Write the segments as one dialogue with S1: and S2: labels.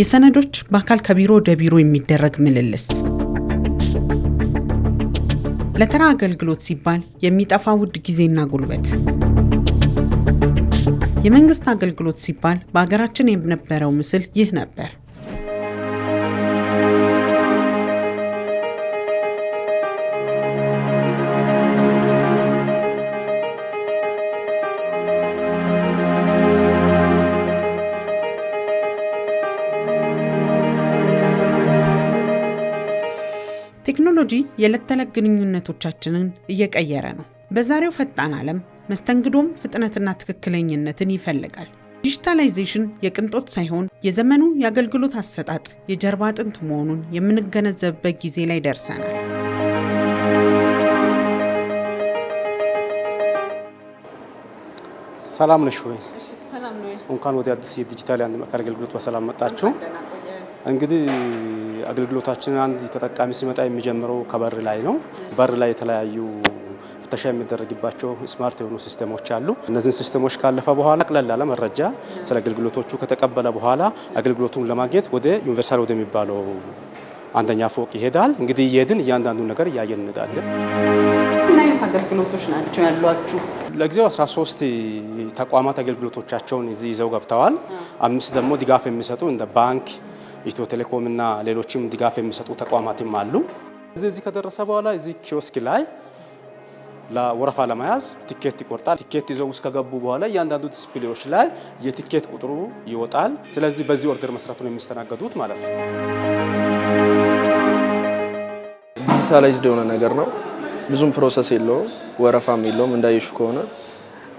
S1: የሰነዶች በአካል ከቢሮ ወደ ቢሮ የሚደረግ ምልልስ ለተራ አገልግሎት ሲባል የሚጠፋ ውድ ጊዜና ጉልበት የመንግስት አገልግሎት ሲባል በሀገራችን የነበረው ምስል ይህ ነበር። ቴክኖሎጂ የዕለት ተዕለት ግንኙነቶቻችንን እየቀየረ ነው። በዛሬው ፈጣን ዓለም መስተንግዶም ፍጥነትና ትክክለኝነትን ይፈልጋል። ዲጂታላይዜሽን የቅንጦት ሳይሆን የዘመኑ የአገልግሎት አሰጣጥ የጀርባ አጥንት መሆኑን የምንገነዘብበት ጊዜ ላይ ደርሰናል።
S2: ሰላም ነሽ ወይ? እንኳን ወደ አዲስ የዲጂታል አንድ ማዕከል አገልግሎት በሰላም መጣችሁ። እንግዲህ አገልግሎታችንን አንድ ተጠቃሚ ሲመጣ የሚጀምረው ከበር ላይ ነው። በር ላይ የተለያዩ ፍተሻ የሚደረግባቸው ስማርት የሆኑ ሲስተሞች አሉ። እነዚህን ሲስተሞች ካለፈ በኋላ ቀለል ያለ መረጃ ስለ አገልግሎቶቹ ከተቀበለ በኋላ አገልግሎቱን ለማግኘት ወደ ዩኒቨርሳል ወደሚባለው አንደኛ ፎቅ ይሄዳል። እንግዲህ እየሄድን እያንዳንዱን ነገር እያየን እንዳለን
S3: ምን አይነት አገልግሎቶች ናቸው ያሏችሁ?
S2: ለጊዜው 13 ተቋማት አገልግሎቶቻቸውን እዚህ ይዘው ገብተዋል። አምስት ደግሞ ድጋፍ የሚሰጡ እንደ ባንክ ኢትዮ ቴሌኮም እና ሌሎችም ድጋፍ የሚሰጡ ተቋማትም አሉ። እዚህ እዚህ ከደረሰ በኋላ እዚህ ኪዮስክ ላይ ለወረፋ ለመያዝ ቲኬት ይቆርጣል። ቲኬት ይዘው ውስጥ ከገቡ በኋላ እያንዳንዱ ዲስፕሌዎች ላይ የቲኬት ቁጥሩ ይወጣል። ስለዚህ በዚህ ኦርደር መስራት ነው የሚስተናገዱት ማለት ነው። ዲጂታላይዝድ የሆነ ነገር ነው። ብዙም ፕሮሰስ የለውም፣ ወረፋም የለውም። እንዳየሹ ከሆነ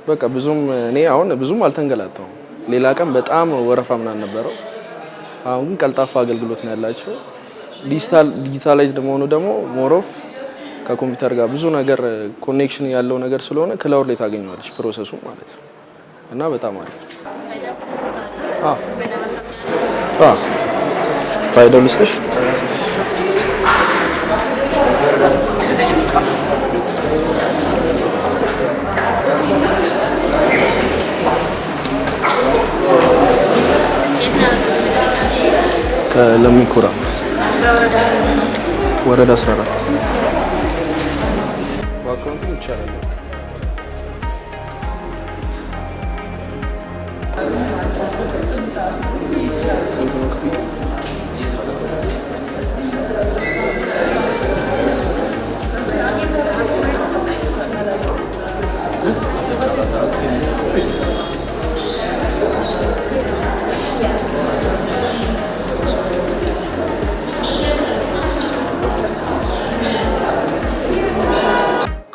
S2: በቃ ብዙም እኔ አሁን ብዙም አልተንገላተውም። ሌላ ቀን በጣም ወረፋ ምናምን ነበረው። አሁን ቀልጣፋ አገልግሎት ነው ያላቸው። ዲጂታል ዲጂታላይዝድ መሆኑ ደግሞ ሞሮፍ ከኮምፒውተር ጋር ብዙ ነገር ኮኔክሽን ያለው ነገር ስለሆነ ክላውድ ላይ ታገኘዋለች ፕሮሰሱ ማለት ነው እና በጣም አሪፍ ፋይዳው ልስጥሽ። ከለሚ ኩራ ወረዳ 14 በአካውንት ይቻላል። ስንት ነው ክፍያ?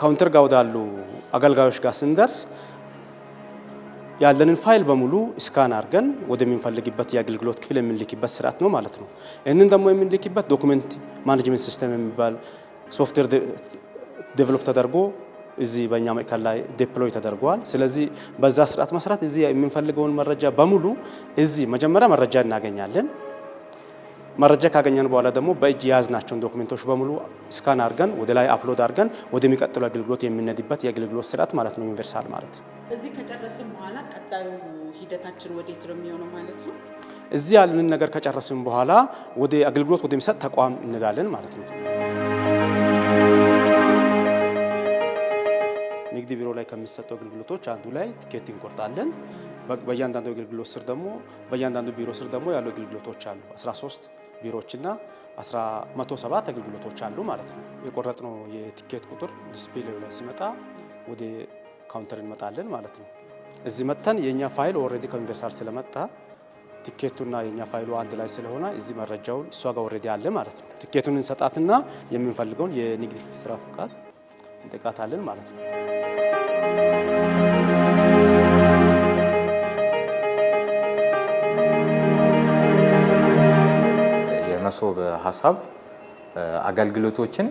S2: ካውንተር ጋር ወዳሉ አገልጋዮች ጋር ስንደርስ ያለንን ፋይል በሙሉ ስካን አድርገን ወደሚንፈልግበት የአገልግሎት ክፍል የምንልክበት ስርዓት ነው ማለት ነው። ይህንን ደግሞ የምንልክበት ዶክመንት ማኔጅመንት ሲስተም የሚባል ሶፍትዌር ዴቨሎፕ ተደርጎ እዚህ በእኛ ማዕከል ላይ ዴፕሎይ ተደርጓል። ስለዚህ በዛ ስርዓት መስራት እዚህ የምንፈልገውን መረጃ በሙሉ እዚህ መጀመሪያ መረጃ እናገኛለን። መረጃ ካገኘን በኋላ ደግሞ በእጅ የያዝናቸውን ዶክመንቶች በሙሉ ስካን አድርገን ወደ ላይ አፕሎድ አድርገን ወደሚቀጥለው አገልግሎት የምንሄድበት የአገልግሎት ስርዓት ማለት ነው። ዩኒቨርሳል ማለት
S3: እዚህ ከጨረስን በኋላ ቀጣዩ ሂደታችን ወዴት ነው የሚሆነው ማለት ነው?
S2: እዚህ ያለንን ነገር ከጨረስን በኋላ ወደ አገልግሎት ወደሚሰጥ ተቋም እንሄዳለን ማለት ነው። ንግድ ቢሮ ላይ ከሚሰጡ አገልግሎቶች አንዱ ላይ ትኬት እንቆርጣለን። በእያንዳንዱ አገልግሎት ስር ደግሞ በእያንዳንዱ ቢሮ ስር ደግሞ ያሉ አገልግሎቶች አሉ 13 ቢሮዎችና 117 አገልግሎቶች አሉ ማለት ነው። የቆረጥነው የቲኬት ቁጥር ዲስፕሌው ላይ ሲመጣ ወደ ካውንተር እንመጣለን ማለት ነው። እዚህ መጥተን የእኛ ፋይል ኦልሬዲ ከዩኒቨርሳል ስለመጣ ቲኬቱና የእኛ ፋይሉ አንድ ላይ ስለሆነ እዚህ መረጃውን እሷ ጋር ኦልሬዲ አለ ማለት ነው። ቲኬቱን እንሰጣትና የምንፈልገውን የንግድ ስራ ፍቃድ እንጠቃታለን ማለት ነው።
S4: መሶብ ሀሳብ አገልግሎቶችን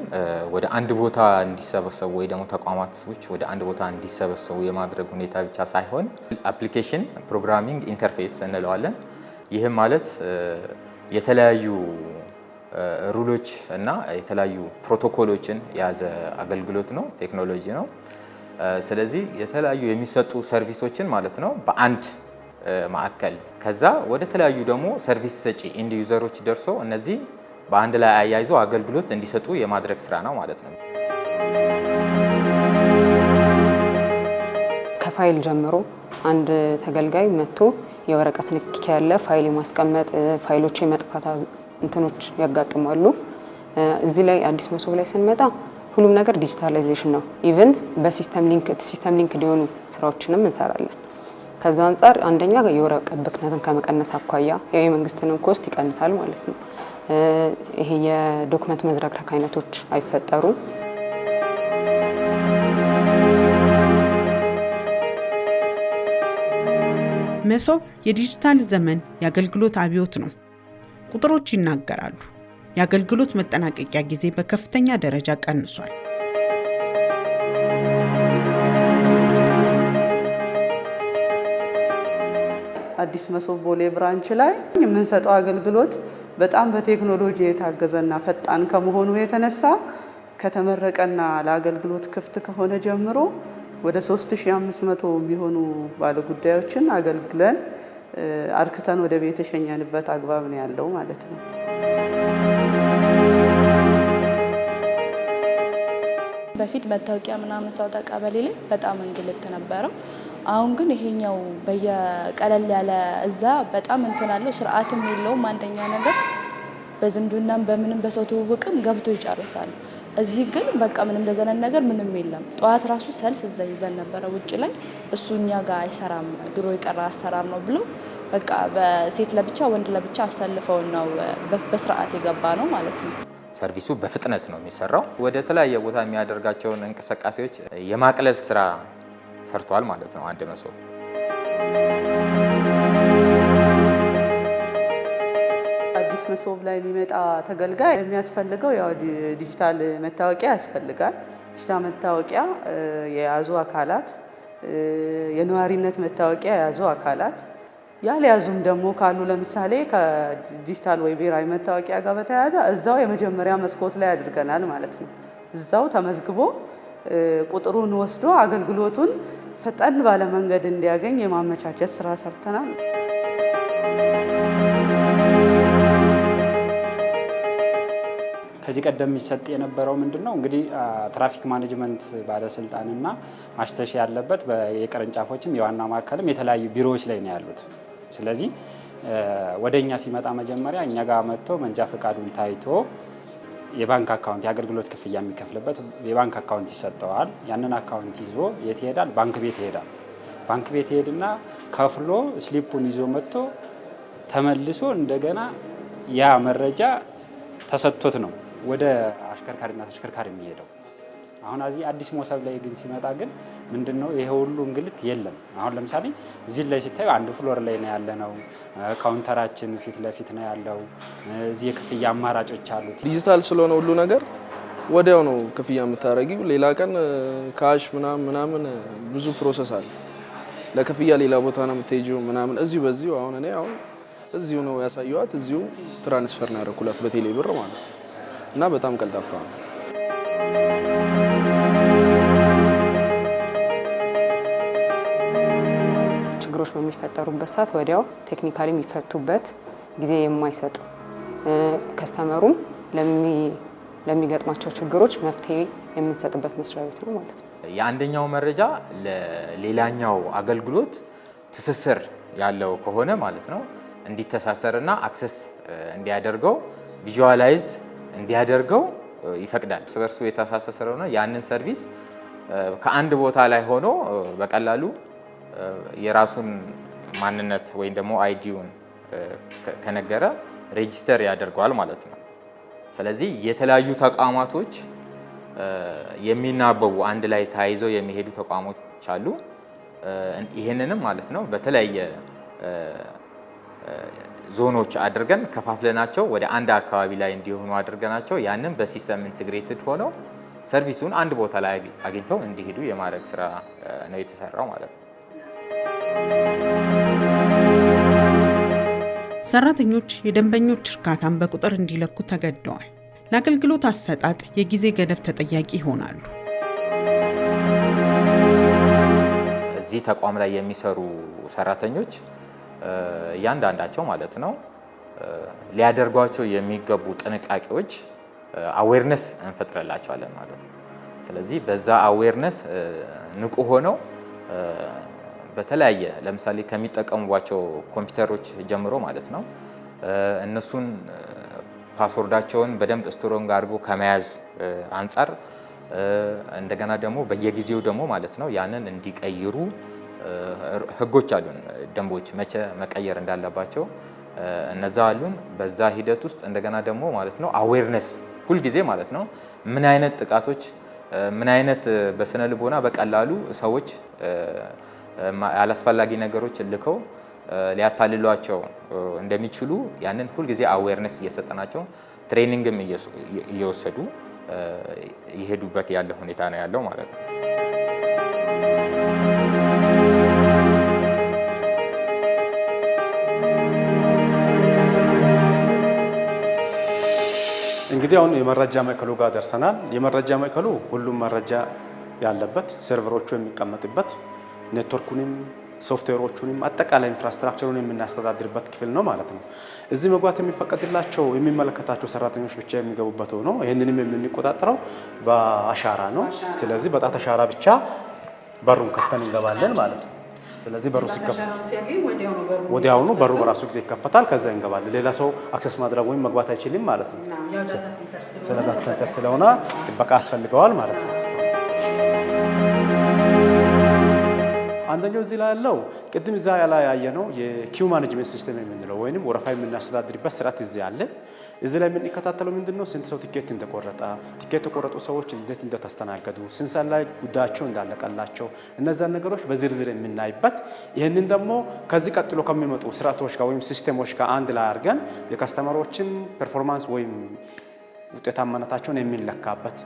S4: ወደ አንድ ቦታ እንዲሰበሰቡ ወይ ደግሞ ተቋማቶች ወደ አንድ ቦታ እንዲሰበሰቡ የማድረግ ሁኔታ ብቻ ሳይሆን አፕሊኬሽን ፕሮግራሚንግ ኢንተርፌስ እንለዋለን። ይህም ማለት የተለያዩ ሩሎች እና የተለያዩ ፕሮቶኮሎችን የያዘ አገልግሎት ነው፣ ቴክኖሎጂ ነው። ስለዚህ የተለያዩ የሚሰጡ ሰርቪሶችን ማለት ነው በአንድ ማዕከል ከዛ ወደ ተለያዩ ደግሞ ሰርቪስ ሰጪ ኢንድ ዩዘሮች ደርሶ እነዚህ በአንድ ላይ አያይዞ አገልግሎት እንዲሰጡ የማድረግ ስራ ነው ማለት ነው።
S5: ከፋይል ጀምሮ አንድ ተገልጋይ መጥቶ የወረቀት ንክኪ ያለ ፋይል የማስቀመጥ ፋይሎች የመጥፋት እንትኖች ያጋጥማሉ። እዚህ ላይ አዲስ መሶብ ላይ ስንመጣ ሁሉም ነገር ዲጂታላይዜሽን ነው። ኢቨን በሲስተም ሊንክ ሲስተም ሊንክ የሆኑ ስራዎችንም እንሰራለን። ከዛ አንጻር አንደኛ የወረቀት ብክነትን ከመቀነስ አኳያ ያው የመንግስትንም ኮስት ይቀንሳል ማለት ነው። ይሄ የዶክመንት መዝረክረክ አይነቶች አይፈጠሩም።
S1: መሶብ የዲጂታል ዘመን የአገልግሎት አብዮት ነው። ቁጥሮች ይናገራሉ። የአገልግሎት መጠናቀቂያ ጊዜ በከፍተኛ ደረጃ ቀንሷል።
S6: አዲስ መሶብ ቦሌ ብራንች ላይ የምንሰጠው አገልግሎት በጣም በቴክኖሎጂ የታገዘና ፈጣን ከመሆኑ የተነሳ ከተመረቀና ለአገልግሎት ክፍት ከሆነ ጀምሮ ወደ 3500 የሚሆኑ ባለጉዳዮችን አገልግለን አርክተን ወደ ቤት የሸኘንበት አግባብ ነው ያለው ማለት ነው።
S7: በፊት መታወቂያ ምናምን ሰው ቀበሌ ላይ በጣም እንግልት ነበረው። አሁን ግን ይሄኛው በየቀለል ያለ እዛ በጣም እንትን አለው ስርዓትም የለውም። አንደኛ ነገር በዝምድናም በምንም በሰው ትውውቅም ገብቶ ይጨርሳሉ። እዚህ ግን በቃ ምንም ለዘነን ነገር ምንም የለም። ጠዋት ራሱ ሰልፍ እዛ ይዘን ነበረ ውጭ ላይ እሱ እኛ ጋር አይሰራም ድሮ የቀረ አሰራር ነው ብሎ በቃ በሴት ለብቻ ወንድ ለብቻ አሰልፈው ነው በስርዓት የገባ ነው ማለት ነው።
S8: ሰርቪሱ በፍጥነት ነው የሚሰራው። ወደ ተለያየ ቦታ የሚያደርጋቸውን እንቅስቃሴዎች የማቅለል ስራ ሰርቷል ማለት ነው አንድ መሶብ።
S9: አዲስ መሶብ ላይ የሚመጣ ተገልጋይ የሚያስፈልገው ያው ዲጂታል መታወቂያ ያስፈልጋል። ዲጂታል መታወቂያ የያዙ አካላት፣ የነዋሪነት መታወቂያ የያዙ አካላት ያልያዙም ደግሞ ካሉ ለምሳሌ ከዲጂታል ወይ ብሔራዊ መታወቂያ ጋር በተያያዘ እዛው የመጀመሪያ መስኮት ላይ አድርገናል ማለት ነው። እዛው ተመዝግቦ ቁጥሩን ወስዶ አገልግሎቱን ፈጠን ባለ መንገድ እንዲያገኝ የማመቻቸት ስራ ሰርተናል።
S10: ከዚህ ቀደም የሚሰጥ የነበረው ምንድን ነው እንግዲህ ትራፊክ ማኔጅመንት ባለስልጣንና ማሽተሻ ያለበት የቅርንጫፎችም የዋና ማዕከልም የተለያዩ ቢሮዎች ላይ ነው ያሉት። ስለዚህ ወደ እኛ ሲመጣ መጀመሪያ እኛ ጋር መጥቶ መንጃ ፈቃዱን ታይቶ የባንክ አካውንት የአገልግሎት ክፍያ የሚከፍልበት የባንክ አካውንት ይሰጠዋል። ያንን አካውንት ይዞ የት ይሄዳል? ባንክ ቤት ይሄዳል። ባንክ ቤት ይሄድና ከፍሎ ስሊፑን ይዞ መጥቶ ተመልሶ እንደገና ያ መረጃ ተሰጥቶት ነው ወደ አሽከርካሪና ተሽከርካሪ የሚሄደው። አሁን እዚህ አዲስ ሞሰብ ላይ ግን ሲመጣ ግን ምንድን ነው ይሄ ሁሉ እንግልት የለም። አሁን ለምሳሌ እዚህ ላይ ሲታዩ አንድ ፍሎር ላይ ነው ያለ ነው። ካውንተራችን ፊት ለፊት ነው ያለው። እዚህ የክፍያ አማራጮች አሉት።
S11: ዲጂታል ስለሆነ ሁሉ ነገር ወዲያው ነው ክፍያ የምታደርጊው። ሌላ ቀን ካሽ ምናምን ምናምን ብዙ ፕሮሰስ አለ ለክፍያ ሌላ ቦታ ነው የምትሄጂው ምናምን እዚሁ በዚሁ አሁን እኔ አሁን እዚሁ ነው ያሳየዋት። እዚሁ ትራንስፈር ነው ያደረኩላት በቴሌ ብር ማለት እና በጣም ቀልጣፋ ነው።
S5: በሚፈጠሩበት ሰዓት ወዲያው ቴክኒካሊ የሚፈቱበት ጊዜ የማይሰጥ ከስተመሩም ለሚገጥማቸው ችግሮች መፍትሄ የምንሰጥበት መስሪያ ቤት ነው ማለት ነው።
S4: የአንደኛው መረጃ ለሌላኛው አገልግሎት ትስስር ያለው ከሆነ ማለት ነው እንዲተሳሰርና አክሰስ እንዲያደርገው ቪዥዋላይዝ እንዲያደርገው ይፈቅዳል። እርስ በርሱ የተሳሰረ ያንን ሰርቪስ ከአንድ ቦታ ላይ ሆኖ በቀላሉ የራሱን ማንነት ወይም ደግሞ አይዲውን ከነገረ ሬጂስተር ያደርገዋል ማለት ነው። ስለዚህ የተለያዩ ተቋማቶች የሚናበቡ አንድ ላይ ተያይዘው የሚሄዱ ተቋሞች አሉ። ይህንንም ማለት ነው በተለያየ ዞኖች አድርገን ከፋፍለናቸው ወደ አንድ አካባቢ ላይ እንዲሆኑ አድርገናቸው ያንን በሲስተም ኢንትግሬትድ ሆነው ሰርቪሱን አንድ ቦታ ላይ አግኝተው እንዲሄዱ የማድረግ ስራ ነው የተሰራው ማለት ነው።
S1: ሰራተኞች የደንበኞች እርካታን በቁጥር እንዲለኩ ተገደዋል። ለአገልግሎት አሰጣጥ የጊዜ ገደብ ተጠያቂ ይሆናሉ።
S4: እዚህ ተቋም ላይ የሚሰሩ ሰራተኞች እያንዳንዳቸው ማለት ነው ሊያደርጓቸው የሚገቡ ጥንቃቄዎች አዌርነስ እንፈጥረላቸዋለን ማለት ነው። ስለዚህ በዛ አዌርነስ ንቁ ሆነው በተለያየ ለምሳሌ ከሚጠቀሙባቸው ኮምፒውተሮች ጀምሮ ማለት ነው እነሱን ፓስወርዳቸውን በደንብ ስትሮንግ አድርጎ ከመያዝ አንጻር እንደገና ደግሞ በየጊዜው ደግሞ ማለት ነው ያንን እንዲቀይሩ ህጎች አሉን፣ ደንቦች መቼ መቀየር እንዳለባቸው እነዛ አሉን። በዛ ሂደት ውስጥ እንደገና ደግሞ ማለት ነው አዌርነስ ሁልጊዜ ማለት ነው ምን አይነት ጥቃቶች ምን አይነት በስነ ልቦና በቀላሉ ሰዎች አላስፈላጊ ነገሮች ልከው ሊያታልሏቸው እንደሚችሉ ያንን ሁልጊዜ አዌርነስ እየሰጠናቸው ትሬኒንግም እየወሰዱ ይሄዱበት ያለ ሁኔታ ነው ያለው ማለት ነው።
S12: እንግዲህ አሁን የመረጃ ማዕከሉ ጋር ደርሰናል። የመረጃ ማዕከሉ ሁሉም መረጃ ያለበት ሰርቨሮቹ የሚቀመጥበት ኔትወርኩንም ሶፍትዌሮቹንም አጠቃላይ ኢንፍራስትራክቸሩን የምናስተዳድርበት ክፍል ነው ማለት ነው። እዚህ መግባት የሚፈቀድላቸው የሚመለከታቸው ሰራተኞች ብቻ የሚገቡበት ሆኖ ይህንንም የምንቆጣጠረው በአሻራ ነው። ስለዚህ በጣት አሻራ ብቻ በሩን ከፍተን እንገባለን ማለት ነው። ስለዚህ በሩ ሲከፈት ወዲያውኑ በሩ በራሱ ጊዜ ይከፈታል። ከዛ እንገባለን። ሌላ ሰው አክሰስ ማድረግ ወይም መግባት አይችልም ማለት ነው። ስለ ዳታ ሴንተር ስለሆነ ጥበቃ ያስፈልገዋል ማለት ነው። አንደኛው እዚህ ላይ ያለው ቅድም እዛ ላይ ያየነው የኪው ማኔጅመንት ሲስተም የምንለው ወይም ወረፋ የምናስተዳድርበት ስርዓት እዚህ አለ። እዚህ ላይ የምንከታተለው ምንድን ነው? ስንት ሰው ቲኬት እንደቆረጠ፣ ቲኬት የቆረጡ ሰዎች እንዴት እንደተስተናገዱ፣ ስንት ሰዓት ላይ ጉዳያቸው እንዳለቀላቸው፣ እነዛን ነገሮች በዝርዝር የምናይበት ይህንን ደግሞ ከዚህ ቀጥሎ ከሚመጡ ስርዓቶች ጋር ወይም ሲስተሞች ጋር አንድ ላይ አድርገን የከስተመሮችን ፐርፎርማንስ ወይም ውጤታማነታቸውን የሚለካበት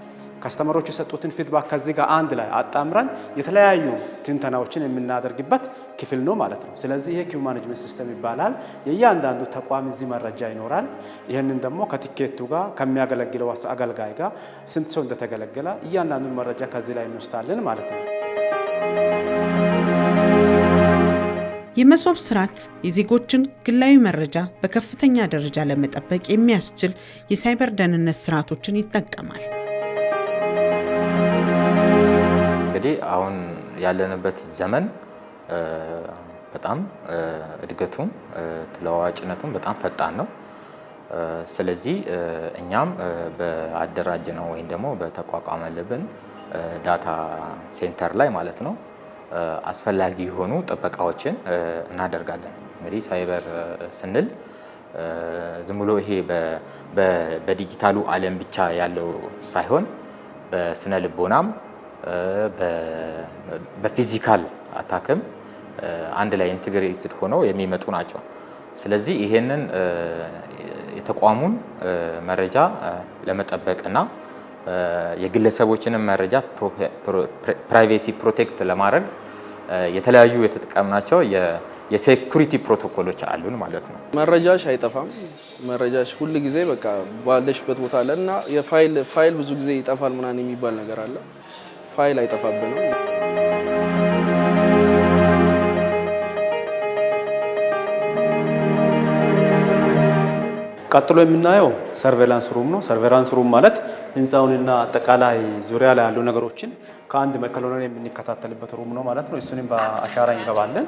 S12: ከስተመሮች የሰጡትን ፊድባክ ከዚህ ጋር አንድ ላይ አጣምረን የተለያዩ ትንተናዎችን የምናደርግበት ክፍል ነው ማለት ነው። ስለዚህ ይሄ ኪው ማኔጅመንት ሲስተም ይባላል። የእያንዳንዱ ተቋም እዚህ መረጃ ይኖራል። ይህንን ደግሞ ከቲኬቱ ጋር ከሚያገለግለው አገልጋይ ጋር ስንት ሰው እንደተገለገለ እያንዳንዱን መረጃ ከዚህ ላይ እንወስዳለን ማለት ነው።
S1: የመሶብ ስርዓት የዜጎችን ግላዊ መረጃ በከፍተኛ ደረጃ ለመጠበቅ የሚያስችል የሳይበር ደህንነት ስርዓቶችን ይጠቀማል።
S4: እንግዲህ አሁን ያለንበት ዘመን በጣም እድገቱም ተለዋዋጭነቱም በጣም ፈጣን ነው። ስለዚህ እኛም በአደራጅ ነው ወይም ደግሞ በተቋቋመልብን ዳታ ሴንተር ላይ ማለት ነው አስፈላጊ የሆኑ ጥበቃዎችን እናደርጋለን። እንግዲህ ሳይበር ስንል ዝም ብሎ ይሄ በዲጂታሉ ዓለም ብቻ ያለው ሳይሆን በስነ ልቦናም በፊዚካል አታክም አንድ ላይ ኢንትግሬትድ ሆነው የሚመጡ ናቸው። ስለዚህ ይሄንን የተቋሙን መረጃ ለመጠበቅና የግለሰቦችንም መረጃ ፕራይቬሲ ፕሮቴክት ለማድረግ የተለያዩ የተጠቀምናቸው የሴኩሪቲ ፕሮቶኮሎች አሉን ማለት ነው።
S13: መረጃሽ አይጠፋም። መረጃሽ ሁል ጊዜ በቃ ባለሽበት ቦታ አለ እና የፋይል ፋይል ብዙ ጊዜ ይጠፋል ምናምን የሚባል ነገር አለ። ፋይል አይጠፋብንም።
S14: ቀጥሎ የምናየው ሰርቬላንስ ሩም ነው። ሰርቬላንስ ሩም ማለት ህንፃውንና አጠቃላይ ዙሪያ ላይ ያሉ ነገሮችን ከአንድ ማዕከል የምንከታተልበት ሩም ነው ማለት ነው። እሱንም በአሻራ እንገባለን፣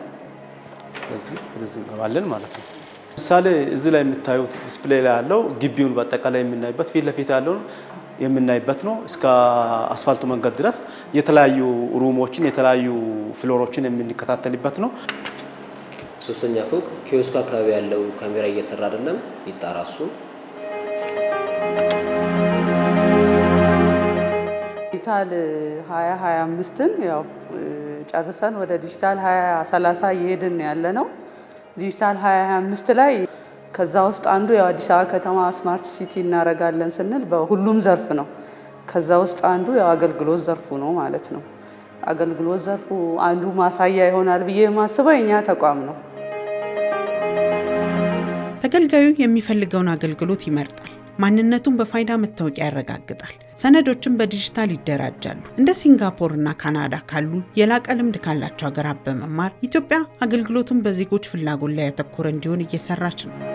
S14: እዚህ እንገባለን ማለት ነው። ምሳሌ እዚህ ላይ የምታዩት ዲስፕሌይ ላይ ያለው ግቢውን በአጠቃላይ የምናይበት ፊት ለፊት ያለውን የምናይበት ነው። እስከ አስፋልቱ መንገድ ድረስ የተለያዩ ሩሞችን የተለያዩ ፍሎሮችን የምንከታተልበት ነው።
S4: ሶስተኛ ፎቅ ኪዮስኩ አካባቢ ያለው ካሜራ እየሰራ አይደለም፣ ይጣራ እሱ።
S6: ዲጂታል 2025ን ያው ጨርሰን ወደ ዲጂታል 2030 እየሄድን ያለ ነው። ዲጂታል 2025 ላይ ከዛ ውስጥ አንዱ ያው አዲስ አበባ ከተማ ስማርት ሲቲ እናደርጋለን ስንል በሁሉም ዘርፍ ነው። ከዛ ውስጥ አንዱ ያው አገልግሎት ዘርፉ ነው ማለት ነው። አገልግሎት ዘርፉ አንዱ ማሳያ ይሆናል ብዬ የማስበው የኛ ተቋም ነው።
S1: ተገልጋዩ የሚፈልገውን አገልግሎት ይመርጣል። ማንነቱን በፋይዳ መታወቂያ ያረጋግጣል። ሰነዶችን በዲጂታል ይደራጃሉ። እንደ ሲንጋፖር እና ካናዳ ካሉ የላቀ ልምድ ካላቸው ሀገራት በመማር ኢትዮጵያ አገልግሎቱን በዜጎች ፍላጎት ላይ ያተኮረ እንዲሆን እየሰራች ነው።